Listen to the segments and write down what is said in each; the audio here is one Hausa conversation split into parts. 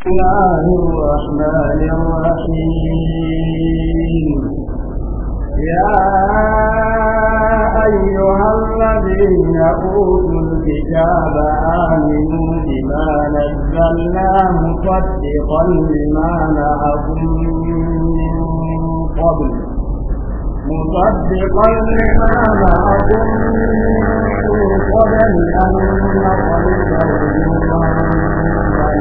الله الرحمن الرحيم يا أيها الذين أوتوا الكتاب آمنوا بما نزلنا مصدقا لما نعكم من قبل مصدقا لما نعكم من قبل أن نقلب وجوههم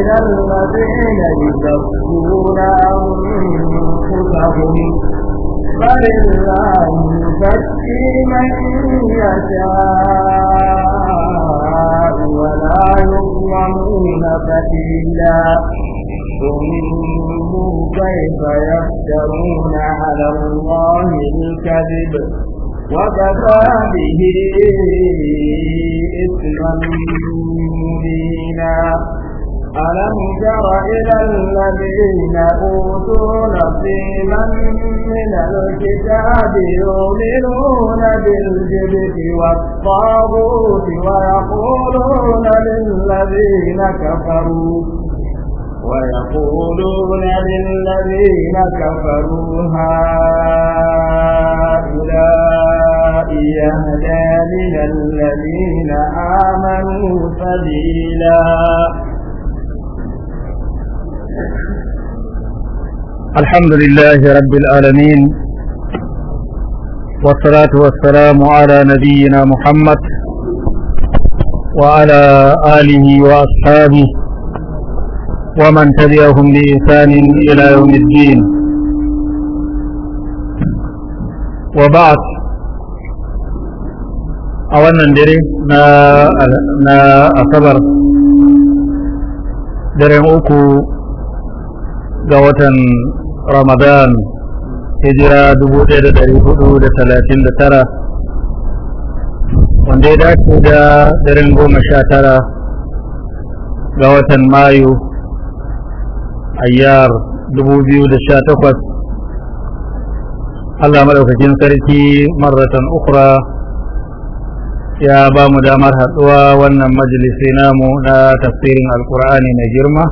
من الذين يزكون أنفسهم بل الله يزكي من يشاء ولا يظلمون فتيلا انظر كيف يفترون على الله الكذب وكفى به إثما مبينا ألم تر إلى الذين أوتوا نصيبا من الكتاب يؤمنون بالجبت والطاغوت ويقولون للذين كفروا ويقولون للذين كفروا هؤلاء يهدى من الذين آمنوا سبيلاً الحمد لله رب العالمين والصلاة والسلام على نبينا محمد وعلى آله وأصحابه ومن تبعهم بإحسان إلى يوم الدين وبعد أولا ندري ما أصبر asabar ga watan ramadan hijira 1439 wanda ya dace da daren goma sha tara ga watan mayu ayyar 2018 allah maɗaukakin sarki marratan ukura, ya ba mu damar haɗuwa wannan majalisi namu na tafsirin alkur'ani mai girma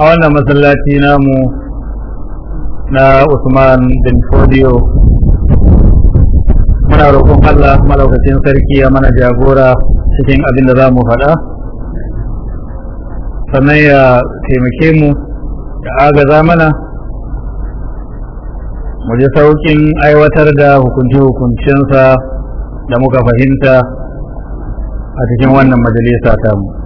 a wannan masallaci namu na Usman bin Fodiyo muna roƙon Allah malaukacin sarki ya mana jagora cikin abin da za mu faɗa sannan ya taimake mu ya agaza mana mu ji sauƙin aiwatar da hukunci-hukuncinsa da muka fahimta a cikin wannan majalisa tamu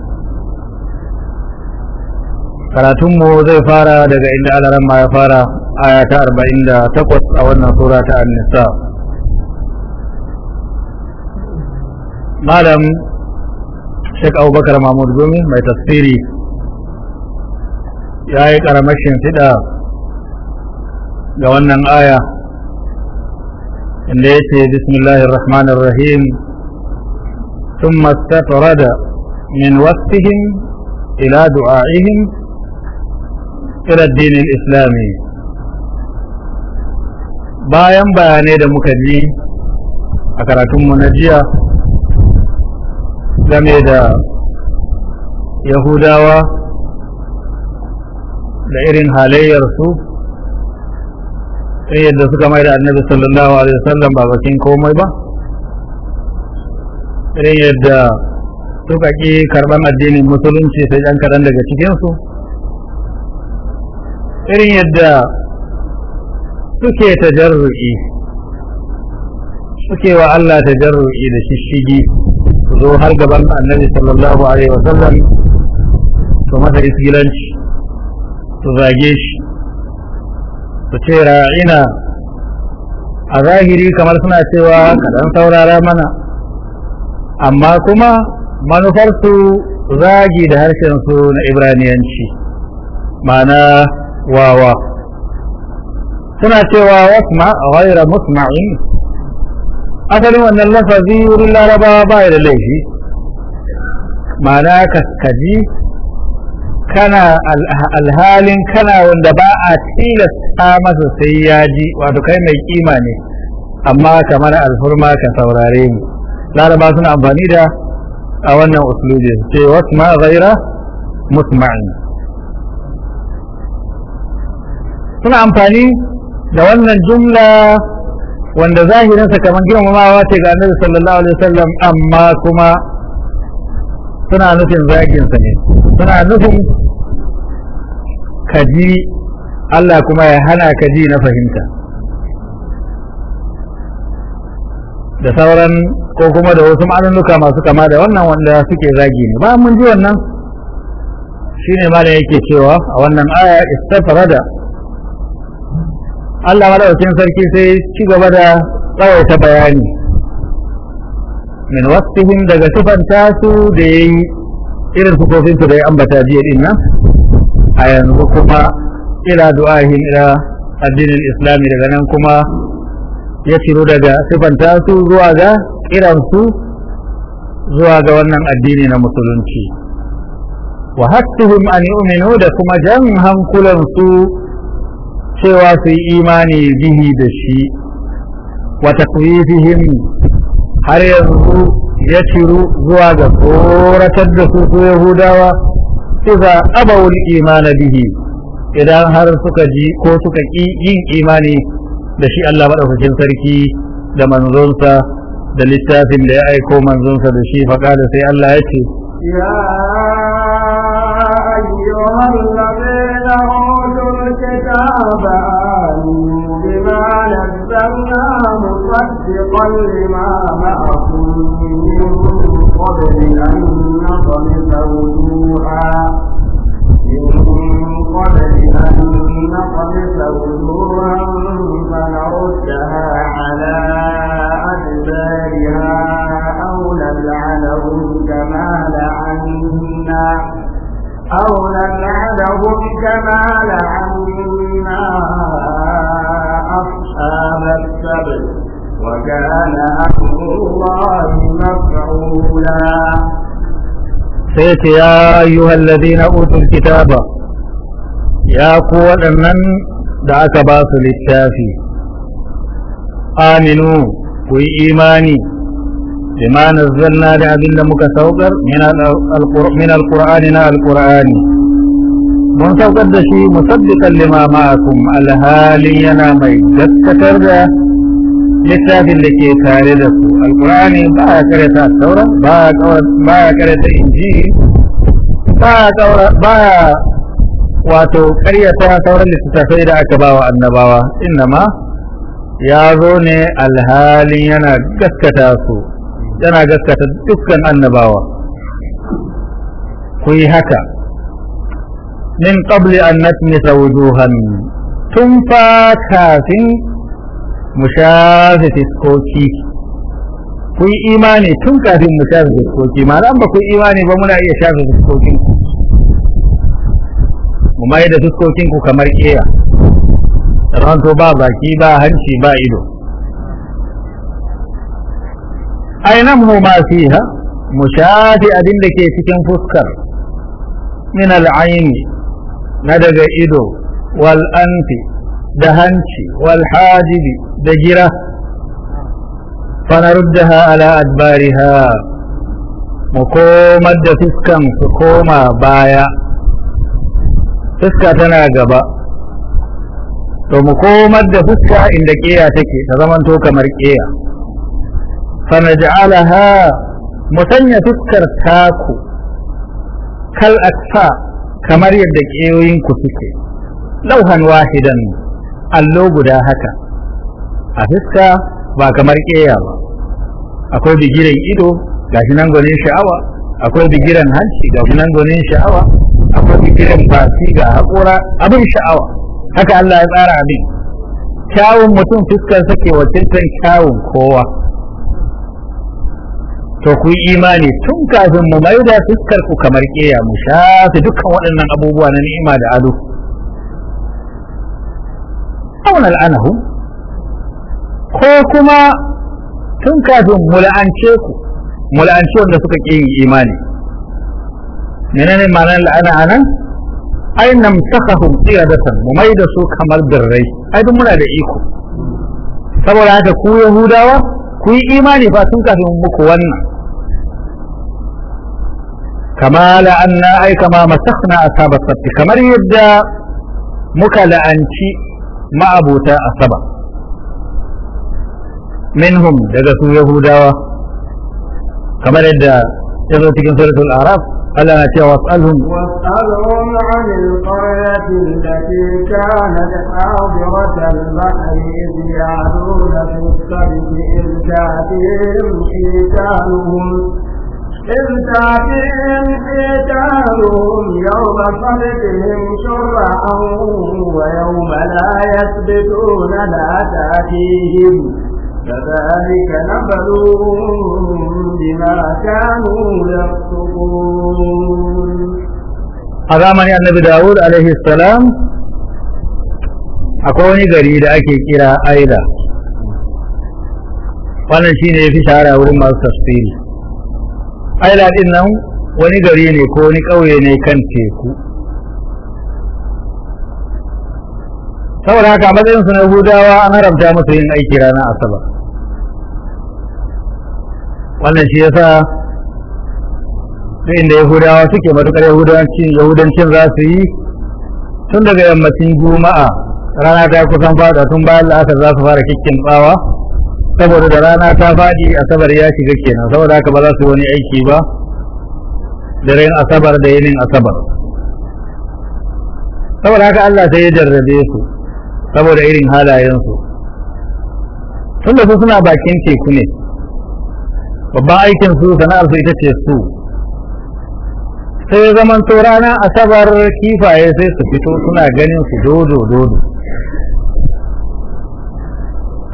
karatunmu zai fara daga inda alaran ma ya fara aya ta 48 a wannan sura ta annisa malam shek abubakar mahmud gumi mai tafsiri ya yi ƙaramar shimfiɗa ga wannan aya inda ya ce bismillahir rahmanir rahim ثم استطرد من وقتهم إلى دعائهم إلى الدين الإسلامي bayan bayanai da muka yi a karatunmu na jiya game da yahudawa da irin halayyarsu in yadda suka mai da annabi sallallahu alaihi wasallam ba bakin komai ba irin yadda suka ƙi karɓar addinin musulunci sai ɗan kaɗan daga cikinsu irin yadda suke tajarru'i suke wa Allah tajarru'i da shishigi su zo har gaban annabi sallallahu alaihi wa sallam su masa isgilanci su zage shi su ce ra'ina a zahiri kamar suna cewa kaɗan saurara mana amma kuma manufarsu zagi da harshen su na ibraniyanci ma'ana wawa suna cewa wasma ghaira musma'in asalin wannan lafazi wurin larabawa ba da laifi Mana kaskaji kana alhalin kana wanda ba a tilasta masa sai ya ji wato kai mai kima ne amma kamar alfurma ka saurare mu laraba suna amfani da a wannan uslubi ce wasma ghaira musma'in suna amfani da wannan jumla wanda zahirinsa kamar girmamawa ce ga annabi sallallahu alaihi wasallam amma kuma suna nufin zaginsa ne suna nufin kaji Allah kuma ya hana kaji na fahimta da sauran ko kuma da wasu ma'anunuka masu kama da wannan wanda suke zagi ne ba mun ji wannan shine ma da yake cewa a wannan aya istafarada Allah madaukakin sarki sai ci gaba da tsawaita bayani min wasfihim daga sifanta su da ya yi irin sufofin su da ya ambata jiya din nan a yanzu kuma ila du'ahin ila addinin islami daga nan kuma ya ciro daga sifanta su zuwa ga kiransu zuwa ga wannan addini na musulunci wa hattuhum an yu'minu da kuma jan hankulansu cewa su yi imani bihi da shi wa takwifihim har yanzu ya ciru zuwa ga tsoratar da su su yahudawa iza abawul imana bihi idan har suka ji ko suka ƙi yin imani da shi Allah maɗaukakin sarki da manzonsa da littafin da ya aiko manzonsa da shi faƙa da sai Allah ya ce ya ayyuhal ladina فآمنوا بما نزلنا مصدقا لما معكم من قبل أن نطمس وجوها من قبل أن نطمس وجوها فنردها على أدبارها أو نلعنهم كما لعنا أو نلعنهم كما لعنا أصحاب السبل وكان أمر الله مفعولا سيت يا أيها الذين أوتوا الكتاب يا قوة من دعك باس للتافي آمنوا وإيماني بما نزلنا لعبد مكسوكر من القرآن من القرآن, إلى القرآن mun saukar da shi musaddiqan lima ma'akum alhalin yana mai gaskatar da littafin da ke tare da su alqur'ani ba ya karanta taura ba ba ya karanta injil ba ya ba ya wato karyata sauran littattafai da aka bawa annabawa innama ya zo ne alhalin yana gaskata su yana gaskata dukkan annabawa ku yi haka min qabli an natmisa wujuhan tun fa kafin mu shafe fiskoki kun imani tun kafin mu shafe fiskoki malam ba kun imani ba muna iya shafe fiskokin mu mai da fiskokin ku kamar keya ranto ba baki ba hanci ba ido ainihin mu ma ha mu shafe abin da ke cikin fuskar min al'aini na daga ido wal anfi da hanci wal hajibi da gira fanaruddaha ala adbariha mu komar da fuskan su koma baya fuska tana gaba to mu komar da fuska inda ƙeya take ta zamanto kamar ƙeya fanaj'alaha mu sanya fuskar taku kal aksa kamar yadda ƙeyoyinku ku suke lauhan wahidan allo guda haka a fuska ba kamar ƙeya ba akwai bigiren ido gashi nan gwanin sha'awa akwai bigiren hanci gashi nan gwanin sha'awa akwai bigiren fasi ga haƙora abin sha'awa haka Allah ya tsara abin kyawun mutum fuskar sake wakiltar kyawun kowa to ku yi imani tun kafin mu mai da fuskar ku kamar keya mu shafe dukkan waɗannan abubuwa na ni'ima da ado aw nal'anahu ko kuma tun kafin mu la'ance ku mu la'ance wanda suka ƙi yin imani menene ma'anar la'ana anan ai nam namtakahum qiyadatan mu mai da su kamar birrai ai duk muna da iko saboda haka ku yahudawa ku yi imani fa tun kafin muku wannan كما لأن أي كما مسخنا أصحاب السبت كما يبدأ مكا لأنشي ما أبوتا السبت منهم دقسوا يهودا كما يبدأ يغلطك سورة الأعراف ألا نأتي واسألهم واسألهم عن القرية التي كانت حاضرة البحر إذ يعدون في السبت إذ تأتيهم حيتانهم إذ تأتيهم حيتانهم يوم صدقهم شرعا ويوم لا يثبتون لا تأتيهم كذلك نبلوهم بما كانوا يفسقون a zamanin annabi dawud alaihi salam akwai wani gari da ake kira aila wannan shine ya fi shahara wurin masu tafsiri aila din nan wani gari ne ko wani ƙauye ne kan teku saboda haka matsayin su na hudawa an haramta musu yin aiki ranar asabar wannan shi yasa duk inda yahudawa suke matukar yahudancin yahudancin za su yi tun daga yammacin juma'a rana ta kusan fada tun bayan la'asar za su fara kikkin tsawa saboda da rana ta fadi asabar ya shiga kenan saboda haka ba za su wani aiki ba daren asabar da yinin asabar saboda haka Allah sai ya jarrabe su saboda irin halayensu tunda su suna bakin teku ne babban aikin su sana'ar su ita ce su sai zaman to rana asabar kifaye sai su fito suna ganin su dodo dodo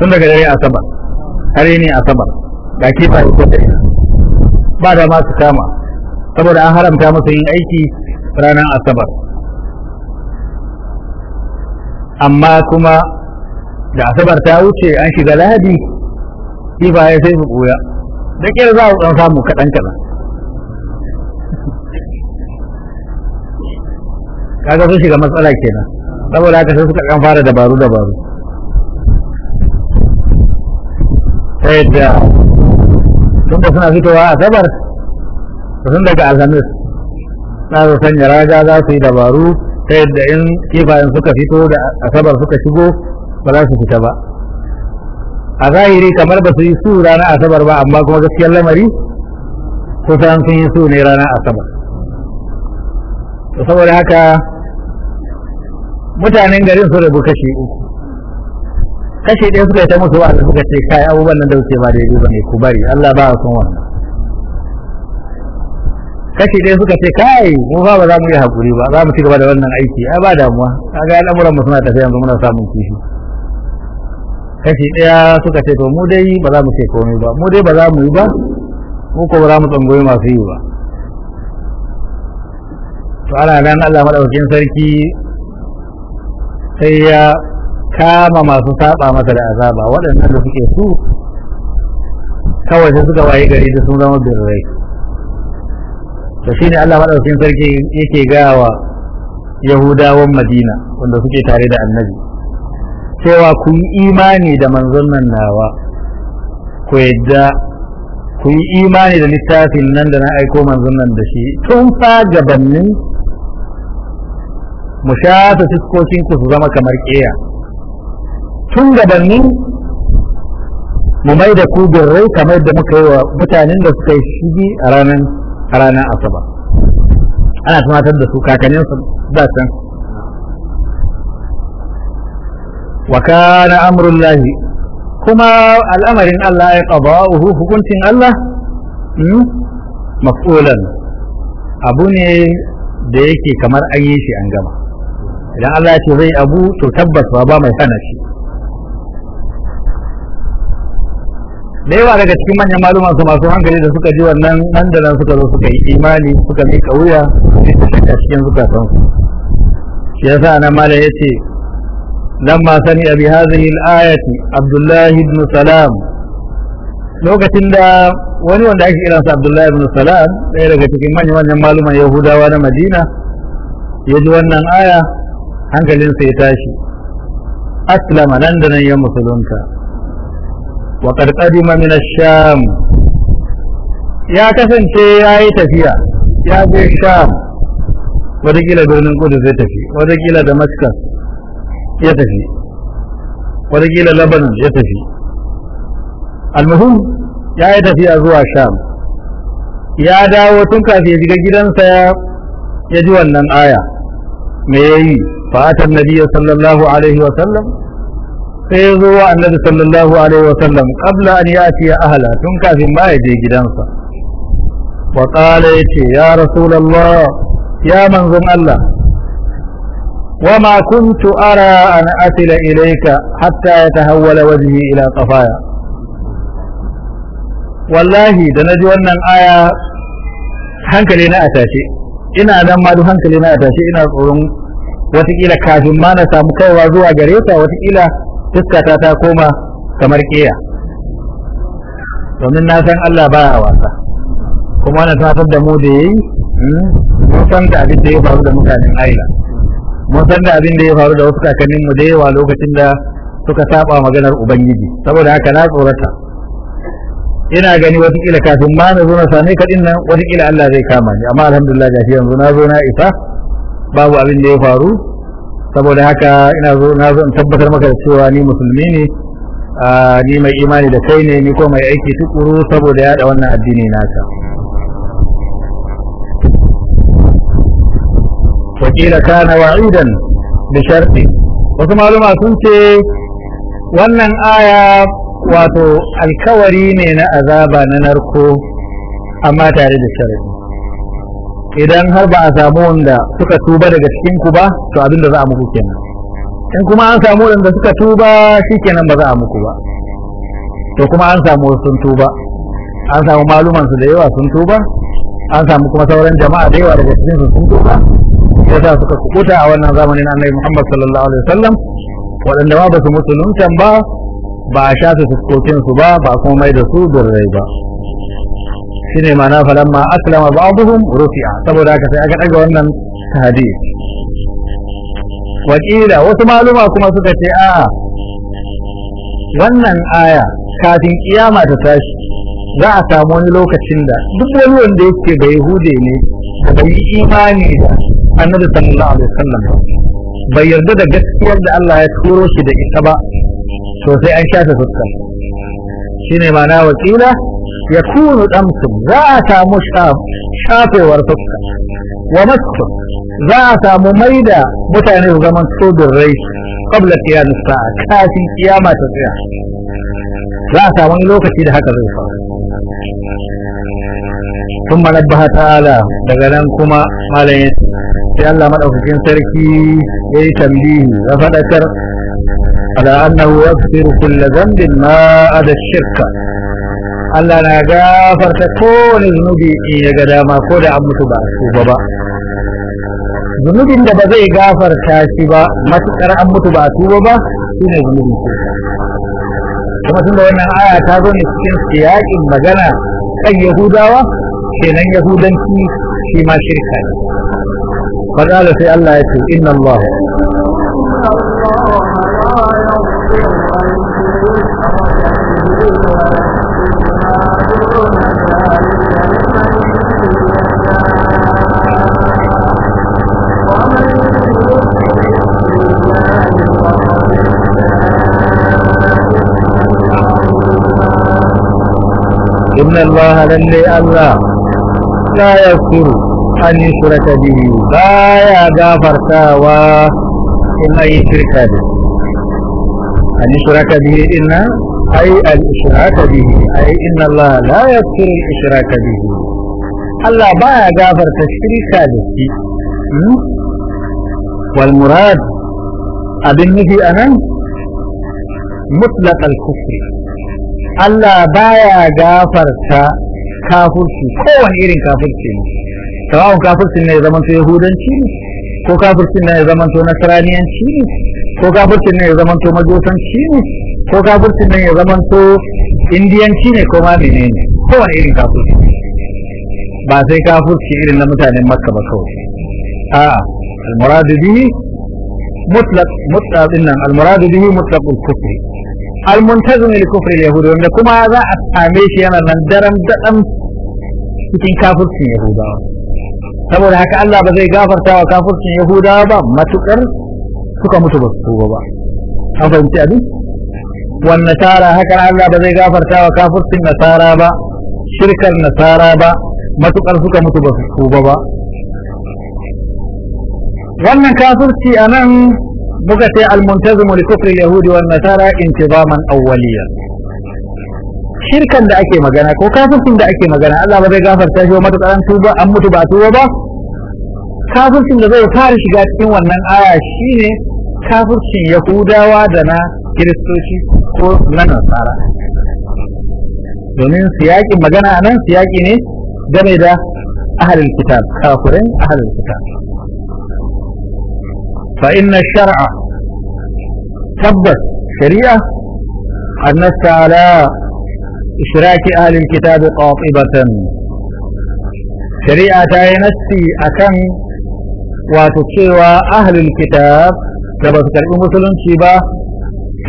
tun daga dare asabar hare ne a sama ga ko da ba da masu kama saboda an haramta masa yin aiki ranar asabar amma kuma da asabar ta wuce an shiga lahadi kifaye sai su koya da kira za a ɗan samu kaɗan kaɗan kaga sun shiga matsala kenan saboda haka sai suka kan fara dabaru dabaru ta yadda tunda suna fitowa a sabar sun daga alhamis za su sanya raga za su yi dabaru ta yadda in kifayen suka fito da asabar suka shigo ba za su fita ba a zahiri kamar ba su yi su ranar asabar ba amma kuma gaskiyar lamari kusan sun yi su ne ranar asabar saboda haka mutanen garin sun rabu kashi uku kashi ɗaya suka yi ta musu wa'azi suka ce kai abubuwan nan da wuce ba daidai ba ne ku bari Allah ba son wannan kashi ɗaya suka ce kai mu ba ba za mu yi hakuri ba za mu ci gaba da wannan aiki ai ba damuwa ga al'amuran mu suna tafiya yanzu muna samun kishi kashi ɗaya suka ce to mu dai ba za mu ce komai ba mu dai ba za mu yi ba mu ko ba za mu tsangoyi masu yi ba to ana nan Allah madaukakin sarki sai ya kama masu saba masa da azaba waɗannan da suke su kawai suka waye gari da sun zama birrai da shi ne Allah madaukakin sarki yake gawa Yahudawan Madina wanda suke tare da Annabi cewa ku yi imani da manzon nan nawa ku yadda ku yi imani da littafin nan da na aiko manzon nan da shi tun fa gabannin mu shafa fuskokin ku su zama kamar ƙeya tun gabanin mu mai da ku birrai kamar da muka yi wa mutanen da suka yi shigi a ranar a ranar asaba ana tunatar da su kakannin su ba can wa kana amrullahi kuma al'amarin Allah ya qada'uhu hukuncin Allah hmm, maf'ulan abu ne da yake kamar an yi shi an gama idan Allah ya ce zai abu to tabbas ba mai hana shi da yawa daga cikin manyan maluma su masu hankali da suka ji wannan nan da nan suka zo suka yi imani suka mika wuya suka shaka cikin san su yasa nan mala yace ma sani abi hadhihi al-ayati abdullah ibn salam lokacin da wani wanda ake kiransa abdullah ibn salam ɗaya daga cikin manyan manyan maluman yahudawa na madina ya ji wannan aya hankalinsa ya tashi aslama nan da nan ya musulunta wa qadima min sham ya kasance yayi tafiya ya je sham wadakila birnin kudu zai tafi wadakila damascus ya tafi wadakila lebanon ya tafi almuhim ya yi tafiya zuwa sham ya dawo tun kafin ya shiga gidansa ya ji wannan aya me ya yi fa'atar nabiya sallallahu alaihi sai ya zo wa annabi sallallahu alaihi wa sallam qabla an yati ya ahla tun kafin ba ya je gidansa wa qala yace ya rasulullah ya manzon Allah wa ma kuntu ara an asila ilayka hatta yatahawwala wajhi ila qafaya wallahi da naji wannan aya hankali na a tashe ina nan ma duk hankali na a tashe ina tsoron watakila kafin ma na samu kaiwa zuwa gare ta watakila fuskata ta koma kamar ƙeya domin na san Allah ba a wasa kuma na tafar da mu da hmm? mun san da abin da ya faru da mutanen Aila mun san da abin da ya faru da wasu kakannin mu da yawa lokacin da suka saba maganar ubangiji saboda haka na tsorata ina gani wasu kila kafin ma na zo na same ka wata kila Allah zai kama ni amma alhamdulillah gashi yanzu na zo na isa babu abin da ya faru saboda haka ina zo na zo in tabbatar maka da cewa ni musulmi ne ni mai imani da kai ne ni ko mai aiki tukuru saboda yada wannan addini naka wakila kana wa'idan bi sharti wasu maluma sun ce wannan aya wato alkawari ne na azaba na narko amma tare da sharti idan har ba a samu wanda suka tuba daga cikin ku ba to abinda za a muku kenan in kuma an samu wanda suka tuba shikenan ba za a muku ba to kuma an samu sun tuba an samu maluman su da yawa sun tuba an samu kuma sauran jama'a da yawa daga cikin sun tuba sa suka kukuta a wannan zamanin Annabi Muhammad sallallahu alaihi wasallam waɗanda ma ba su musuluntan ba ba a shafe fuskokin su ba ba kuma mai da su durrai ba shine ma'ana falamma aslama ba'dhum rufi'a saboda haka sai aka daga wannan hadisi wakila wasu maluma kuma suka ce a wannan aya kafin kiyama ta tashi za a samu wani lokacin da duk wani wanda yake bai hude ne bai imani da annabi sallallahu alaihi wasallam bai yarda da gaskiyar da Allah ya turo shi da ita ba to sai an shafe fuskar shine ma'ana wakila yakunu damsun za a samu shafewar fuska wa masku za a samu maida mutane su zaman sudin rai qabla qiyam sa'a kafin kiyama ta tsaya za a samu lokaci da haka zai faru ثم نبه تعالى دغنان كما مالين sai Allah madaukakin sarki yayi tambihi ya fadakar على أنه يغفر كل ذنب ما أدى الشرك Allah na gafarta kowane zunubi in ya ga dama ko da an mutu ba tuba ba zunubin da ba zai gafarta shi ba matuƙar an mutu ba tuba ba shi ne zunubin kuma tun wannan aya ta zo cikin siyaƙin magana kan yahudawa kenan yahudanci shi ma shirka ne فقال في الله إن الله إن الله لن الله لا يغفر أن يشرك به لا يغفر تاوى إن أي شرك به أن يشرك به إن أي الإشراك به أي إن الله لا يغفر الإشراك به الله ما يغفر تشريك به والمراد أبنه أنا مطلق الكفر Allah baya gafarta kafirci kowane irin kafirci ne sawa'un kafircin ne ya zamanto yahudanci ne ko kafircin ne ya zamanto nasraniyanci ne ko kafircin ne ya zamanto majusanci ne ko kafircin ne ya zamanto indiyanci ne ko ma ne kowane irin kafirci ba sai kafirci irin na mutanen makka ba kawai a'a al-muradu bihi mutlaq mutlaq dinnan al bihi mutlaq al المنتظم لكفر اليهود وان كما ذا اتعاميش يانا من درم دقم كتن كافر سن يهودا تقول هكا الله بزي غافر تاوى كافر سن يهودا با ما تقر سكا متبسطوه با هذا انت ادي والنسارة هكا الله بزي غافر تاوى كافر سن نسارة با شرك النسارة با ما تقر سكا متبسطوه با وانا كافر سي انا muka ce almuntazimu li kufri yahudi wan nasara intizaman awwaliya shirkan da ake magana ko kafircin da ake magana Allah ba zai gafarta shi ba matukar an tuba an mutu ba tuba ba kafircin da zai fara shiga cikin wannan aya shine kafircin yahudawa da na kiristoci ko na nasara domin siyaƙin magana nan siyaƙi ne game da ahalin kitab kafirin ahalin kitab فإن الشرع ثبت شريعة النص على إشراك أهل الكتاب قاطبة شريعة نسي أكن وتتشيوى أهل الكتاب كما تكلم مسلم شيبا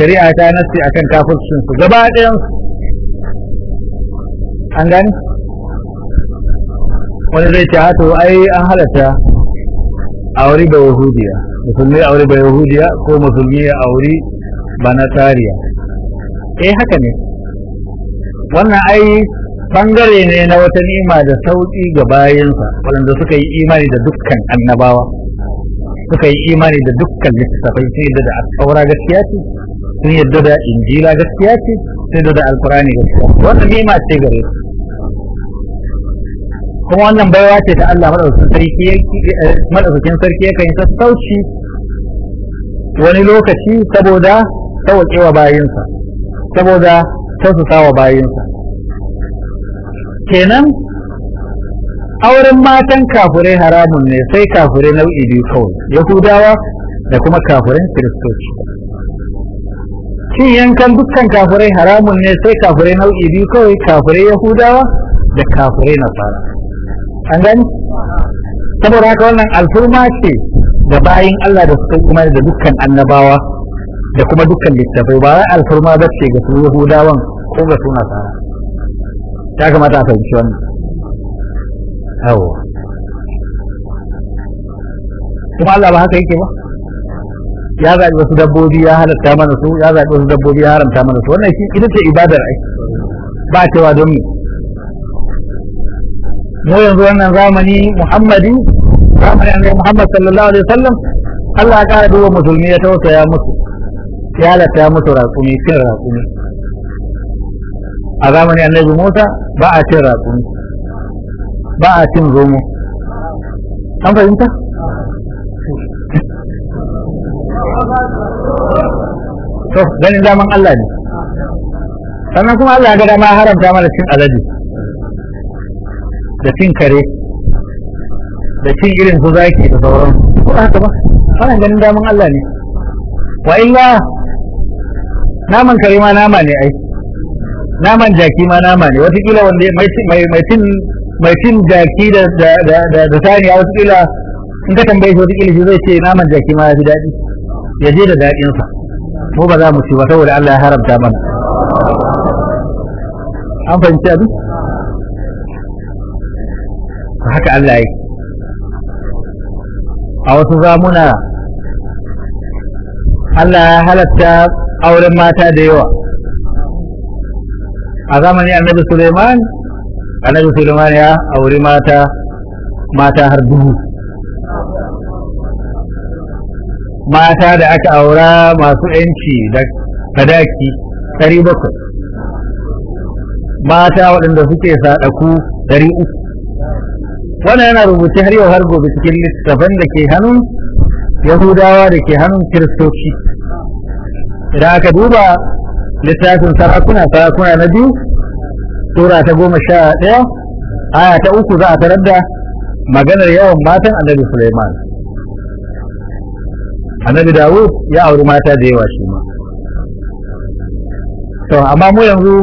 شريعة نسي أكن كافر شنس جبائن أنجاني wani zai ce hato ai an halatta aure da yahudiya musulmi aure da yahudiya ko musulmi ya aure ba na tariya eh haka ne wannan ai bangare ne na wata nima da sauƙi ga bayansa waɗanda suka yi imani da dukkan annabawa suka yi imani da dukkan littattafai sun yadda da alƙawara gaskiya ce sun yadda da injila gaskiya ce sun yadda da alƙurani gaskiya wannan nima ce gare su kuma wannan baiwa ce ta Allah madaukakin sarki eh, madaukakin sarki yi sassauci wani lokaci saboda wa bayinsa saboda wa bayinsa kenan auren matan kafurai haramun ne sai kafurai nau'i biyu kawai yahudawa da kuma kafurai kiristoci shin yankan dukkan kafurai haramun ne sai kafurai nau'i biyu kawai kafurai yahudawa da kafurai nasara an gani saboda haka wannan alfurma ce da bayin Allah da suka kuma da dukkan annabawa da kuma dukkan littafai ba wai alfurma ba ce ga su yahudawan ko ga suna sara ta kamata a fahimci wannan yawo kuma Allah ba haka yake ba ya zaɓi wasu dabbobi ya halatta mana su ya zaɓi wasu dabbobi ya haramta mana su wannan shi ita ce ibadar ai ba cewa don mu yanzu wannan zamani muhammadi zamani annabi muhammad sallallahu alaihi wasallam Allah ya kara duba musulmi ya tausaya musu ya ya musu raƙumi cin raƙumi a zamanin annabi musa ba a cin raƙumi ba a cin zomo an fahimta to ganin daman Allah ne sannan kuma Allah ya ga dama haramta mana cin alade da cin kare da cin irin su zaki da sauran ko haka ba ana ganin daman Allah ne wa illa naman kare ma nama ne ai naman jaki ma nama ne wata kila wanda mai mai cin mai cin jaki da da da da, da wata kila in ka tambaye shi kila shi zai ce naman jaki ma ya fi daɗi ya je da daɗinsa mu ba za mu ci ba saboda Allah ya haramta mana an fahimci abin haka Allah yi. a wasu zamuna Allah ya halatta auren mata da yawa a zamanin annabi Suleiman annabi Suleiman ya auri mata mata har dubu mata da aka aura masu yanci da kadaki ɗari bakwai mata waɗanda suke saɗaku ɗari uku wannan yana rubuce har yau har gobe cikin littafan da ke hannun yahudawa da ke hannun kiristoci idan aka duba littafin sarakuna sarakuna na biyu tura ta goma sha ɗaya aya ta uku za a tarar da maganar yawan matan annabi suleiman annabi dawud ya auri mata da yawa shi ma to amma mu yanzu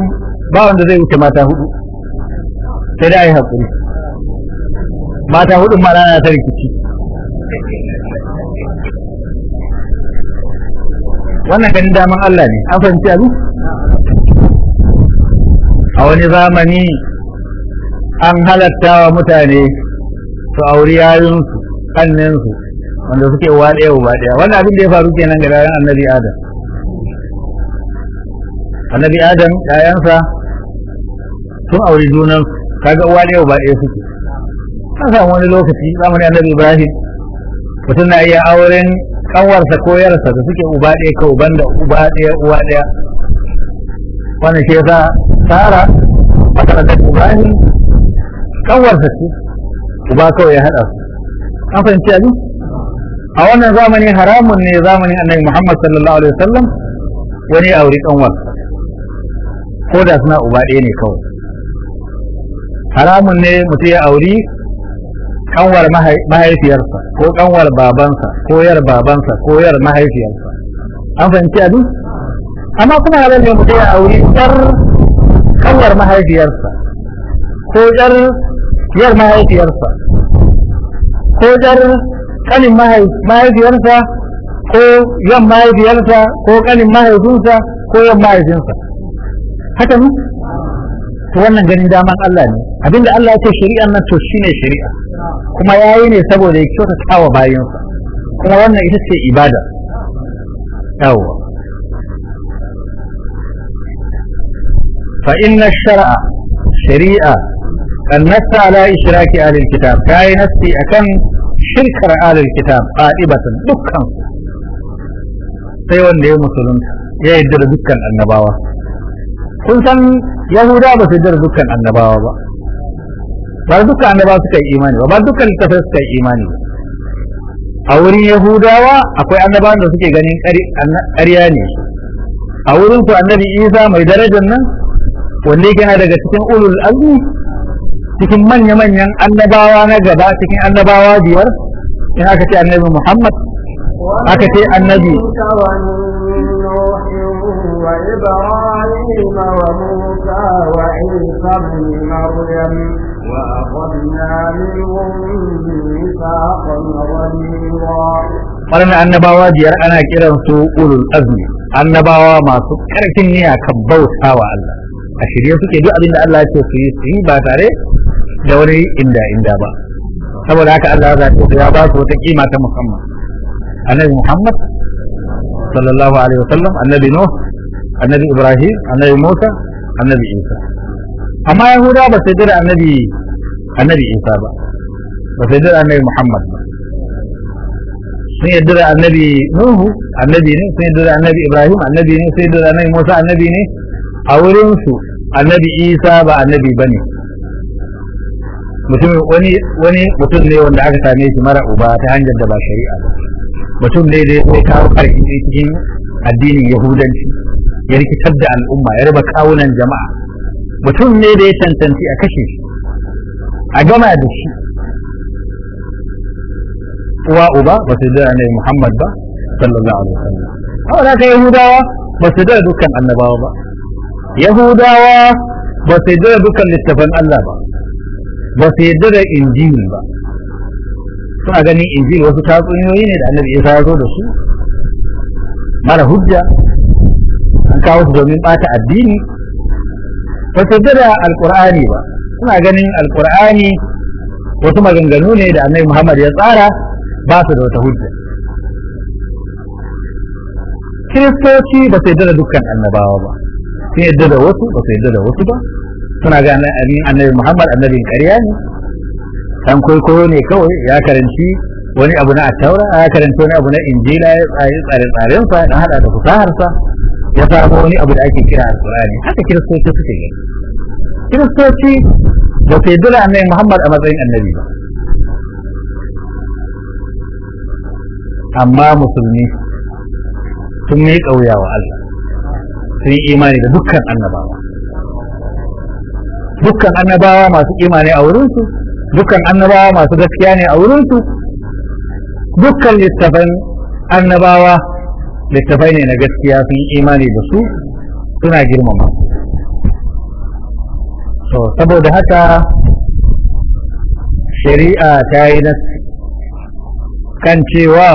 ba wanda zai wuce mata hudu sai da a yi haƙuri mata hudun ma na ta rikici wannan ganin daman Allah ne an fahimci abu a wani zamani an halatta wa mutane su auri yayinsu kanninsu wanda suke uwa ɗaya uba ɗaya wannan abin da ya faru kenan ga yayan annabi adam annabi adam yayansa sun auri junansu kaga uwa ɗaya uba ɗaya suke an samu wani lokaci zamanin annabi ibrahim mutum na iya auren kanwarsa ko yarsa da suke uba ɗaya ka uban da uba ɗaya uwa ɗaya wannan shi yasa sara makarantar ibrahim kanwarsa ce uba kawai ya haɗa an fahimci abin a wannan zamani haramun ne zamanin annabi muhammad sallallahu alaihi wasallam wani auri kanwar ko da suna uba ɗaya ne kawai haramun ne mutum ya auri kanwar mahaifiyarsa ko kanwar babansa ko yar babansa ko yar mahaifiyarsa an fahimci abin amma kuma halal ne mutum ya auri yar kanwar mahaifiyarsa ko yar yar mahaifiyarsa ko yar kanin mahaifiyarsa ko yan mahaifiyarsa ko kanin mahaifinsa ko yan mahaifinsa haka ne wannan ganin daman Allah ne abinda Allah ya ce shari'an nan to shine shari'a kuma yayi ne saboda ya kyautata wa sa kuma wannan ita ce ibada yawa fa inna shar'a shari'a an nasta ala ishraki ahlil kitab kai nasti akan shirkar ahlil kitab qa'ibatan dukkan sai wanda ya musulunta ya yarda dukkan annabawa kun san yahuda ba su jar dukkan annabawa ba ba dukkan annabawa suka yi imani ba ba dukkan littafai suka yi imani ba a wurin yahudawa akwai annabawan da suke ganin ƙarya ne a wurin su annabi isa mai darajar nan wanda yake daga cikin ulul azmi cikin manya-manyan annabawa na gaba cikin annabawa biyar in aka ce annabi muhammad aka ce annabi وإبراهيم وموسى وعيسى بن مريم وأخذنا منهم ميثاقا غليظا Farin annabawa biyar ana kiransu ulul azmi annabawa masu karfin niyya kan bauta wa Allah a shirye suke duk abin da Allah ce su yi su yi ba tare da wani inda inda ba saboda haka Allah ya ce ya ba su wata kima ta musamman annabi Muhammad sallallahu alaihi wasallam annabi Nuh annabi ibrahim annabi musa annabi isa amma yahuda ba su jira annabi annabi isa ba ba su jira annabi muhammad ba sun yadda da annabi nuhu annabi ne sun yadda da annabi ibrahim annabi ne sun yadda da annabi musa annabi ne a wurin su annabi isa ba annabi ba ne mutum wani wani mutum ne wanda aka same shi mara uba ta hanyar da ba shari'a ba mutum ne da ya kawo ƙarfi cikin addinin yahudanci ya rikitar da al'umma ya raba kawunan jama'a mutum ne da ya cancanci a kashe shi a gama da shi uwa uba ba su da ne Muhammad ba sallallahu alaihi wasallam amma da yahudawa ba su da dukkan annabawa ba yahudawa ba su da dukkan littafan Allah ba ba su yadda da injil ba suna ganin injil wasu tatsuniyoyi ne da annabi isa ya zo da su mara hujja an kawo su domin bata addini ba su da alkur'ani ba suna ganin alkur'ani wasu maganganu ne da annabi muhammad ya tsara ba su da wata hujja kiristoci ba su yadda da dukkan annabawa ba sun yadda da wasu ba su yadda da wasu ba suna ganin annabi muhammad annabin ƙarya ne dan kwaikwayo ne kawai ya karanci wani abu na attaura ya karanci wani abu na injila ya tsare tsarensa ya haɗa hada da fasaharsa ya samu wani abu da ake kira alkurani haka kiristoci suke yi kiristoci ba su yi dula annabi muhammad a matsayin annabi ba amma musulmi sun yi ƙauya wa Allah sun yi imani da dukkan annabawa dukkan annabawa masu imani a wurinsu dukkan annabawa masu gaskiya ne a wurinsu dukkan littafan annabawa littafai ne na gaskiya sun imani da su suna girmama so saboda haka shari'a ta yi nasi kan cewa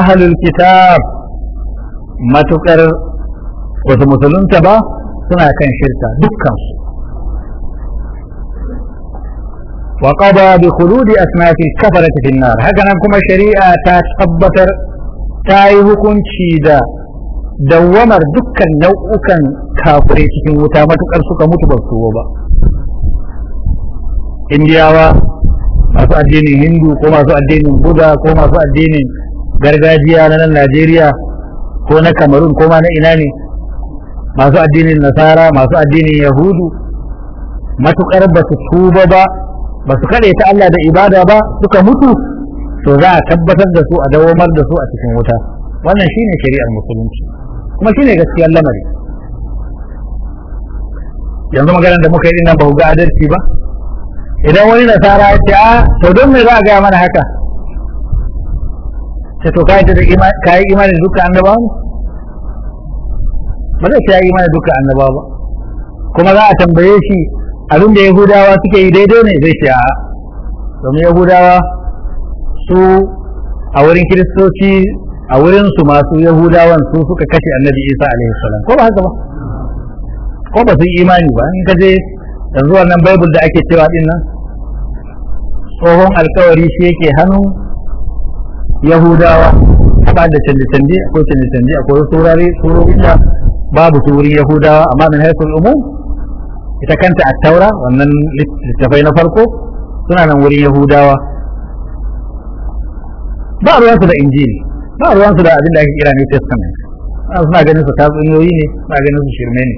ahalul kitab matukar wasu musulunta ba suna kan shirka dukkansu وقضى بخلود أسناف الكفرة في النار هكذا كما شريعة تثبت ta yi hukunci da dawamar dukkan nau'ukan kafirai cikin wuta matukar suka mutu ba su ba indiyawa masu addinin hindu ko masu addinin buda ko masu addinin gargajiya na nan najeriya ko na kamarun ko ma na ina ne masu addinin nasara masu addinin yahudu matukar ba su tuba ba ba su kare ta allah da ibada ba suka mutu to za a tabbatar da su a dawomar da su a cikin wuta wannan shine shari'ar musulunci kuma shine gaskiyar lamari yanzu maganar da muka yi dinnan ba ga adalci ba idan wani nasara ya ce a ah, to don me za a gaya mana haka ce to kai da kai imani duka annaba ne ba zai kai imani duka annaba ba kuma za a tambaye shi abin da yahudawa suke yi daidai ne zai ce a domin yahudawa su a wurin kiristoci a wurin su masu yahudawan su suka kashe annabi isa alaihi salam ko ba haka ba ko ba su yi imani ba in ka je yanzu wannan bible da ake cewa din nan tsohon alkawari shi yake hannu yahudawa ba da canje-canje akwai canje-canje akwai turare turo da babu su wurin yahudawa amma min haifar umum ita kanta a taura wannan littafai na farko suna nan wurin yahudawa ba ruwansu da injini, ba ruwansu da abin da ake kira new testament suna ganin su tatsuniyoyi ne suna ganin su shirme ne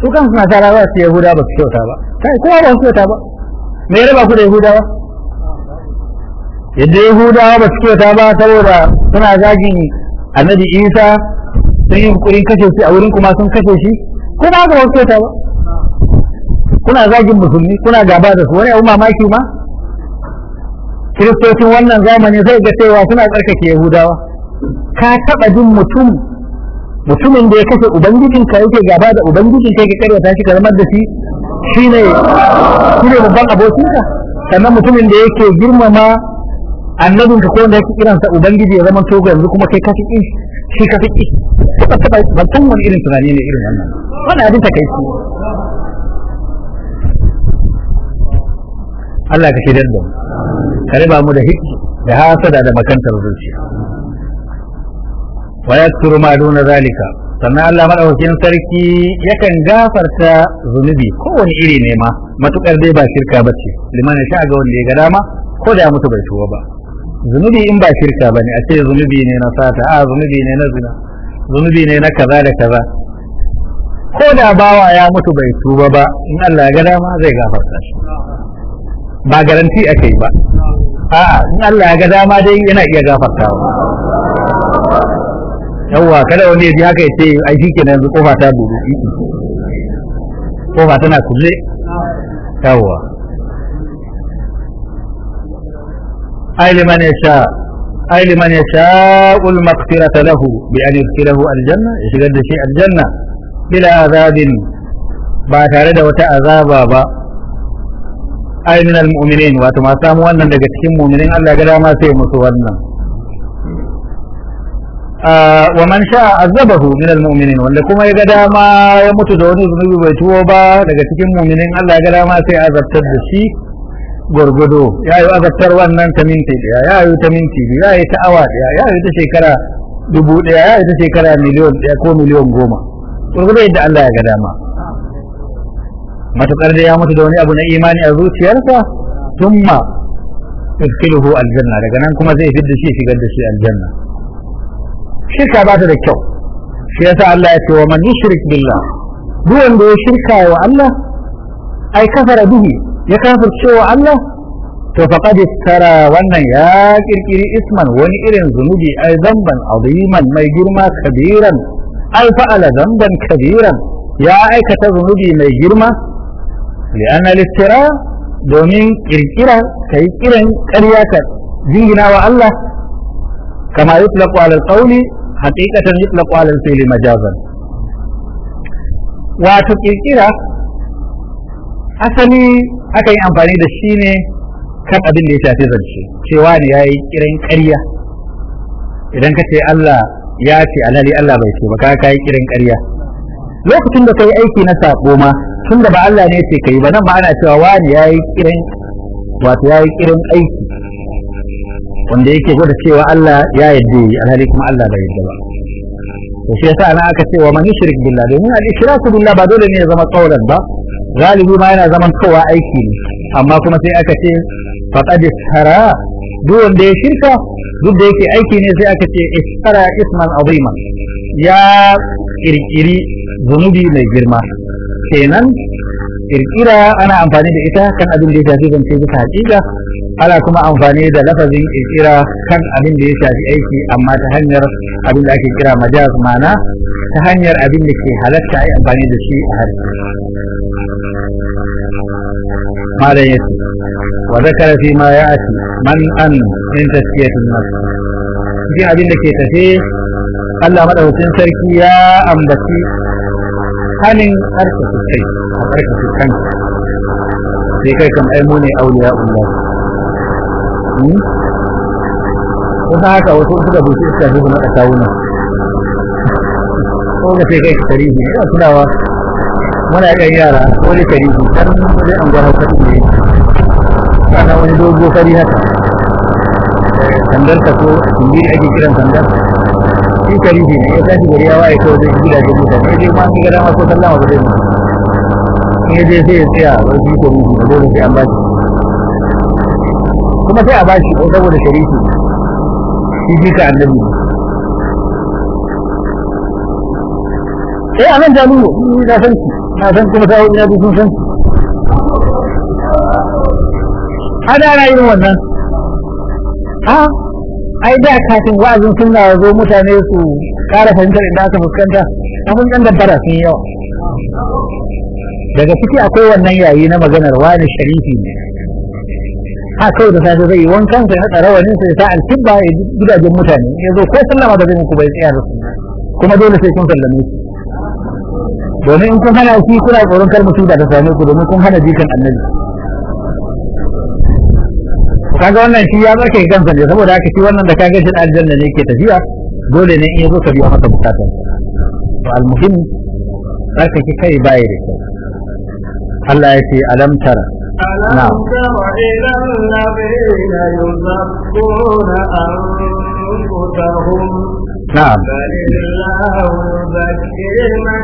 su kan suna tara ba su yahuda ba su kyauta ba kai kowa ba su kyauta ba me ya raba ku da yahudawa yadda yahudawa ba su kyauta ba saboda suna zagin annabi isa sun yi kurin kashe shi a wurin kuma sun kashe shi kuma ba su kyauta ba kuna zagin musulmi kuna gaba da su wani abu mamaki ma kiristocin wannan zamani zai ga cewa suna tsarkake yahudawa ka taba jin mutum mutumin da ya kashe ubangijin ka yake gaba da ubangijin ka yake karyata shi karamar da shi shine shine babban abokinka sannan mutumin da yake girmama annabin ka ko wanda yake kiransa ubangiji ya zama togo yanzu kuma kai ka fi shi ka fi ban san wani irin tunani ne irin wannan wannan abin takaici Allah ka shirya da ka riba mu da hikki da hasada da makantar zuciya wa yakturu ma duna zalika sannan Allah madaukakin sarki yakan gafarta zunubi kowane iri ne ma matukar dai ba shirka bace liman ya sha ga wanda ya ga dama ko da mutu bai tuwa ba zunubi in ba shirka bane a ce zunubi ne na sata a zunubi ne na zina zunubi ne na kaza da kaza ko da bawa ya mutu bai tuba ba in Allah ya ga dama zai gafarta shi ba garanti ake yi ba a'a in Allah ya ga dama dai yana iya gafarta. yawwa kada wani ya ji haka ya ce ai shikenan yanzu kofa ta buɗe kofa tana kulle yawwa ai liman yasha ai liman yasha'ul maghfirata lahu bi an yudkhilahu aljanna ya shigar da shi Al-Janna bila azabin ba tare da wata azaba ba ay min almu'minin wato ma samu wannan daga cikin mu'minin Allah ga dama sai musu wannan wa man sha azabahu min muminin wanda kuma ya ga dama ya mutu da wani zunubi bai tuwo ba daga cikin mu'minin Allah ga dama sai azabtar da shi gurgudo ya yi azabtar wannan ta minti daya ya yi ta minti biyu ya yi ta awa daya ya yi ta shekara dubu daya ya yi ta shekara miliyon daya ko miliyon goma gurgudo yadda Allah ya ga dama matukar da ya mutu da wani abu na imani a zuciyarsa ma. yudkhiluhu aljanna daga nan kuma zai fidda shi shigar da shi aljanna shirka ba ta da kyau shi yasa Allah ya ce wa man yushrik billah duk wanda ya shirka wa Allah ai kafara bihi ya kafirce wa Allah to faqad tara wannan ya kirkiri isman wani irin zunubi ai zamban aziman mai girma kabiran ai fa'ala zamban kabiran ya aikata zunubi mai girma لأن الافتراء domin kirkira ka yi kiran ƙarya ka jingina wa Allah kama yutlaqu ala alqawli haqiqatan yutlaqu ala alfi'li wato kirkira asali aka yi amfani da shi ne kan abin da ya shafi zance cewa ne yi kiran ƙarya idan ka ce Allah ya ce alhali Allah bai ce ba ka yi kiran ƙarya lokacin da ka yi aiki na saƙo ma tun da ba Allah ne ce kai ba nan ma ana cewa wani ya yi kirin wato ya yi kirin aiki wanda yake gwada cewa Allah ya yarda yi alhali kuma Allah bai yadda ba to shi yasa na aka cewa man yushrik billah domin al-ishraku billah ba dole ne ya zama kaulan ba galibi ma yana zaman kowa aiki ne amma kuma sai aka ce faqad istara duk wanda ya shirka duk da yake aiki ne sai aka ce istara isman azima ya kirkiri zunubi mai girma kenan kirkira ana amfani da ita kan abin da ya shafi zance bisa hakika ana kuma amfani da lafazin kirkira kan abin da ya shafi aiki amma ta hanyar abin da ake kira majaz mana ta hanyar abin da ke halatta a yi amfani da shi a harshe malam ya ce wa zakara fi ma ya ati man an min taskiyatin nafs cikin abin da ke tafe Allah madaukakin sarki ya ambaci sanin harka sosai a harka sosai sai kai kan ai mu ne auliya Allah ta hmm? haka wasu suka buci iska su na kawuna ko ga sai kai tarihi ina tunawa muna kan yara ko kari tarihi kan sai an gwara kari ne kana wani dogo fari haka eh, sandar ta ko tumbi ake kiran sandar shi ne ya tashi gari ya waye kawai zai gida mutane ya je ma shi gada sallama zai in ya je sai ya tsaya dole sai an kuma sai a bashi saboda sharifi shi ji ka annabi eh anan jami'u na san na san kuma sai ina duk sun san ana irin wannan a ai da kafin wa'azin sunna ya zo mutane su ƙara fahimtar inda aka fuskanta abin ɗan dabbara sun yawa daga ciki akwai wannan yayi na maganar wani sharifi ne a kawai da safe zai yi wankan sai haɗa rawanin sai sa alkibba ya gidajen mutane ya zo ko sallama da zai muku bai tsaya da su kuma dole sai kun sallame su domin in kun hana shi kuna tsoron kar da ta same ku domin kun hana jikan annabi kaga wannan shi ya barke kansa ne saboda haka shi wannan da kaga shi aljanna ne yake tafiya dole ne in zo ka biya masa bukata to almuhim zaka ki kai bai da kyau Allah ya ce alam tara na'am نعم بل الله يزكي ولا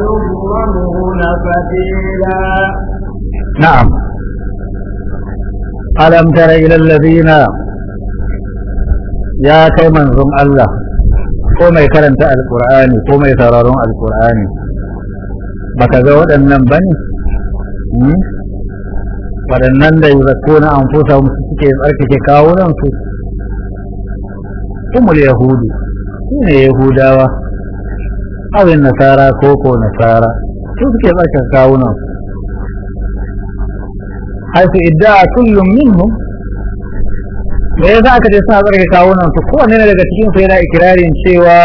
يظلمون فتيلا نعم ألم تر إلى الذين يا Allah زم الله كما يكرمت القرآن كما يترارون القرآن بكذا ودنا بني waɗannan da yi zakona an fusa musu suke tsarkake kawunansu umul yahudu su ne yahudawa abin nasara ko ko nasara su suke tsarkake حيث ادعى كل منهم وإذا أكد يصحب ذلك كاونا فقوة نينا لغتكين فينا إكرار سوى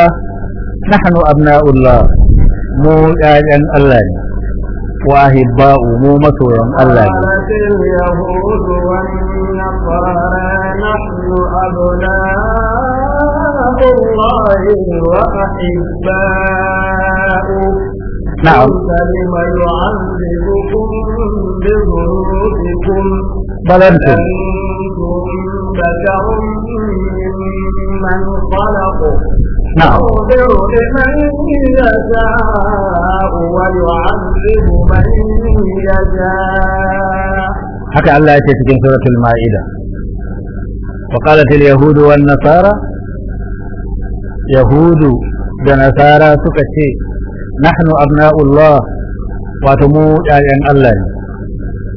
نحن أبناء الله مو أن الله وأهباء مو مطورا الله قالت اليهود والنصارى نحن أبناء الله وأحباؤه نعم لم يعذبكم بذنوبكم بل أنتم بشر ممن خلق نعم يغفر لمن يشاء ويعذب من يشاء حكى الله في سورة المائدة وقالت اليهود والنصارى يهود ونصارى سكتي نحن أبناء الله mu ƴaƴan Allah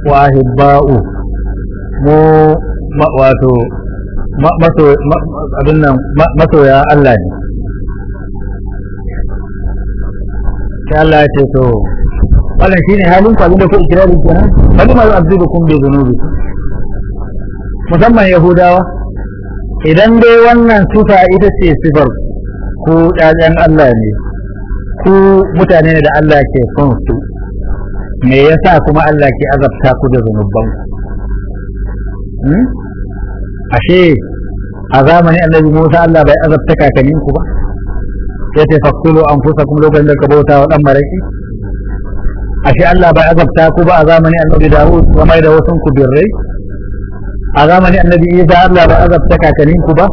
Allah ya ce to wannan shine halin ku abinda ku ikirari kenan bali ma yu'adzibukum bi dhunubikum musamman yahudawa idan dai wannan sifa ita ce sifar ku ɗayan Allah ne ku mutane ne da Allah ke son su me yasa kuma Allah ke azabta ku da zunuban hmm? ashe a zamanin annabi Musa Allah bai azabta kakannin ku ba sai ta fakulu an fusa kuma lokacin da ka bauta wa dan maraki ashe Allah bai azabta ku ba a zamanin annabi Dawud wa mai da wasu ku birrai a zamanin annabi Isa Allah bai azabta kakannin ku ba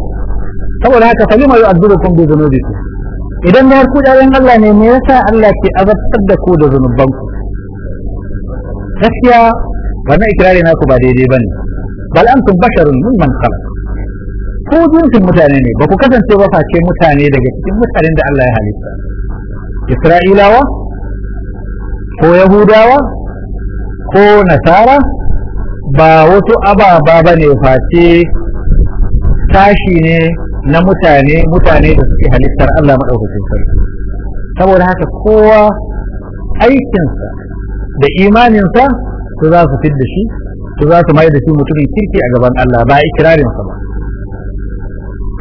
saboda haka kalima yu'azzibukum bi dhunubikum idan da ku ɗayan Allah ne me yasa Allah ke azabtar da ku da zunubanku gaskiya wannan ikirari ku ba daidai bane bal antum basharun mimman khalaq ko jinsin mutane ne ba ku kasance ba face mutane daga cikin mutanen da Allah ya halitta Isra'ilawa ko Yahudawa ko Nasara ba wasu ababa ba face tashi ne na mutane mutane da suke halittar Allah maɗaukakin sarki saboda haka kowa aikinsa da imaninsa su za su fidda shi su za su mai da shi mutumin kirki a gaban Allah ba ikirarinsa ba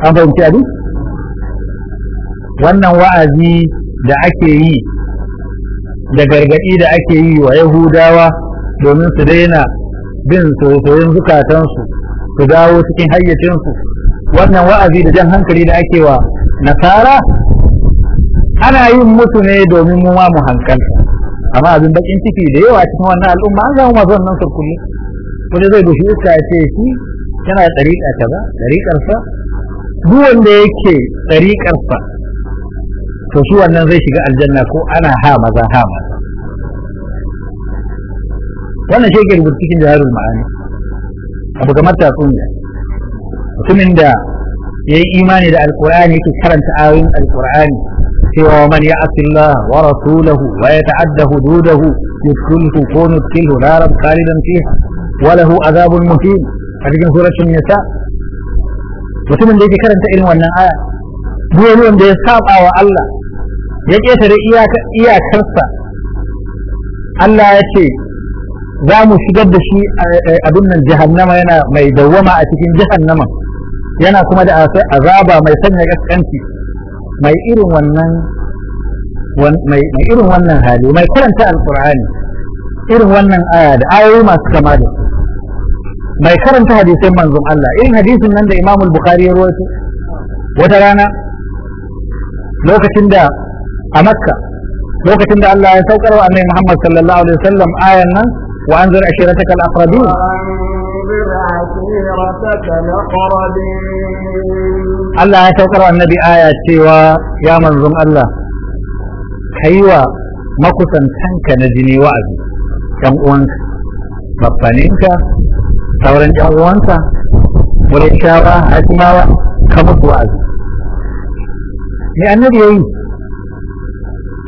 an fahimci abu wannan wa'azi da ake yi da gargaɗi da ake yi wa yahudawa domin su daina bin soyoyin zukatansu su dawo cikin hayyacinsu wannan wa'azi da jan hankali da ake wa nasara ana yin musu ne domin mu ma mu hankali amma abin bakin ciki da yawa cikin wannan al'umma an zama masu wannan surkulli wani zai dushi iska ya ce shi yana da ɗariƙa kaza ɗariƙarsa duk wanda yake ɗariƙarsa to shi wannan zai shiga aljanna ko ana ha maza ha maza wannan shi ke rubutu cikin ma'ani abu kamar tatsuniya mutumin da ya yi imani da alkur'ani yake karanta ayoyin alkur'ani cewa man ya asillah wa rasulahu wa ya ta'adda hududahu yudkhilhu ko nudkhilhu naran khalidan fiha wa lahu azabun muhim a cikin suratul nisa mutumin da yake karanta irin wannan aya duk wani wanda ya saba wa Allah ya ƙetare iyakarsa Allah ya ce za mu shigar da shi abin nan jahannama yana mai dawwama a cikin jahannama yana kuma da azaba mai sanya gaskanci mai irin wannan mai irin wannan hali mai karanta alqur'ani irin wannan aya da ayoyi masu kama da mai karanta hadisin manzon Allah irin hadisin nan da Imam Bukhari ya rawaito wata rana lokacin da a Makka lokacin da Allah ya saukar wa Annabi Muhammad sallallahu alaihi wasallam ayan nan wa anzir ashirataka al-aqrabin وأنذر عشيرتك الأقربين الله يتوقع النبي آية سوى يا منظم الله كيوا مكسن تنك نجني وعد كم أنت بطنينك sauran ƴan uwansa murishawa hasimawa kamar wa'azi me annabi yayi